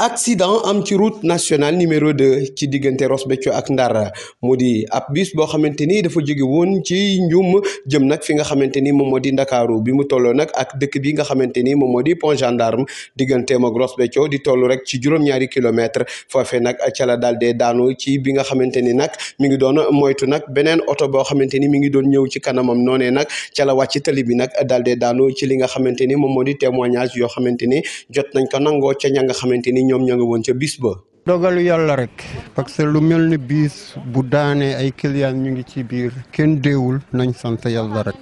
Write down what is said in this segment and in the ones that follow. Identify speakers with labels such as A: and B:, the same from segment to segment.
A: accident am ci route nationale numéro 2 ci diggante Ross ak Ndar modi di ab bus bo xamanteni dafa jëgé won ci njum jëm nak fi nga xamanteni mom modi Dakaru bi mu tollo nak ak dëkk bi nga xamanteni mom modi di pont gendarme digganteem ak Ross di tollu rek ci juroom ñaari kilomètre foofee nag ci la dal dé daanu ci bi nga xamanteni nak mi ngi doon moytu nak benen auto bo xamanteni mi ngi doon ñëw ci kanamam noné nak ci la wacc tali bi nak dal dé daanu ci li nga xamanteni mom modi témoignage yo xamanteni jot nañ ko nango ci ña nga ñoom ña nga woon ca bis ba.
B: dogalu yàlla rek parce que lu mel ni bis bu daanee ay client ñu ngi ci biir kenn déewul nañ sant yàlla rek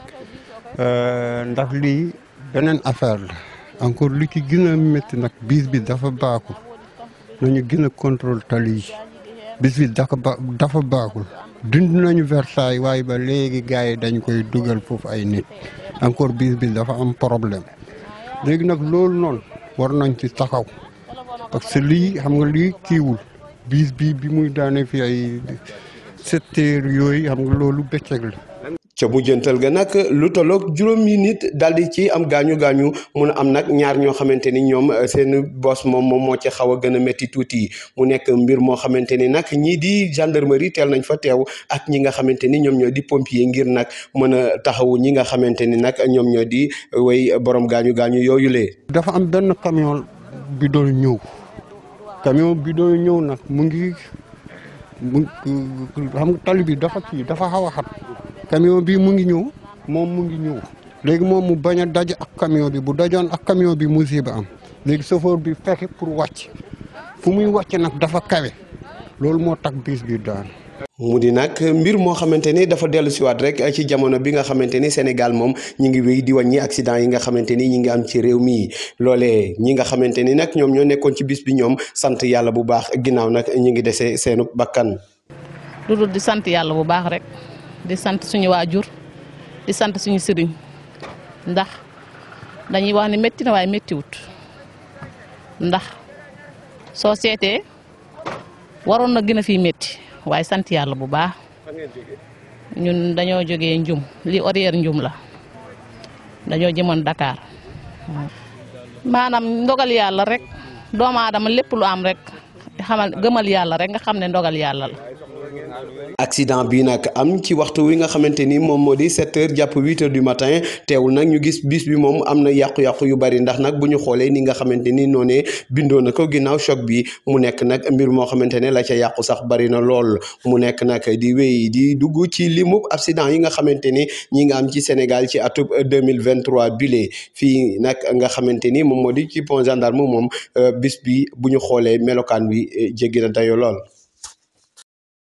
B: euh, ndax lii beneen affaire la encore lu ki gën a métti nag bis bi dafa baaxul nañu gën a contrôle tali yi bis bi dafa ba dafa baaxul dund nañu Versailles waaye ba léegi gars yi dañ koy dugal foofu ay nit encore bis bi dafa am problème léegi nag loolu noonu war nañ ci takaw parce que lii xam nga lii kiiwul biis bi bi muy daanee fi ay sept yooyu xam nga loolu bëccëg la.
A: ca mujjantal ga nag lu tolloog juróomi nit daal di ci am gaañu gaañu mun a am nag ñaar ñoo xamante ni ñoom seen bos moom moom moo ci xaw a gën a métti tuuti mu nekk mbir moo xamante ni nag ñii di gendarmerie teel nañ fa teew ak ñi nga xamante ni ñoom ñoo di pompier ngir nag mën a taxawu ñi nga xamante ni nag ñoom ñoo di way boroom gaañu gaañu yooyu lee
B: dafa am benn camion bi doon ñëw camion bi doon ñëw nag mu ngi mu xam tali bi dafa kii dafa xaw a xat camion bi mu ngi ñëw moom mu ngi ñëw léegi moom mu bañ a daj ak camion bi bu dajoon ak camion bi mu musiba am léegi chauffeur bi fexe pour wàcc fu muy wàcc nag dafa kawe loolu moo tax bis bi daan mu di nag
A: mbir moo xamante ni dafa dellu siwaat rek ci jamono bi nga xamante ni Sénégal ñi ngi wéy di wàññi accident yi nga xamante ñi ngi am ci réew mi loolee ñi nga xamante ni nag ñoom ñoo ci bis bi ñoom sant yàlla bu baax ginnaaw nag ñi ngi dese seenu bakkan
C: lu dul di sant meti bu baax rek di sant suñu di suñu ndax dañuy wax ni na ndax na waaye sant yàlla bu baax ñun dañoo jógee njum li horaire njum la dañoo jëmoon Dakar maanaam ndogal yàlla rek doomu aadama lépp lu am rek xamal gëmal yàlla rek nga xam ne ndogal yàlla accident
A: bi nak am ci waxtu wi nga xamanteni mom modi 7 heures japp 8 heures du matin tewul nak ñu gis bis bi mom amna na yàqu yu bari ndax nak buñu xolé ni nga xamanteni noné choc bi mu nek nak mbir la ca yàqu sax bari na lool mu nek nak di wéy di duggu ci limu accident yi nga xamanteni ñi nga am ci Sénégal ci atub 2023 bile Fi nak nga xamanteni mom modi ci pont gendarme mom euh, bis bi buñu xolé wi euh, dayo lool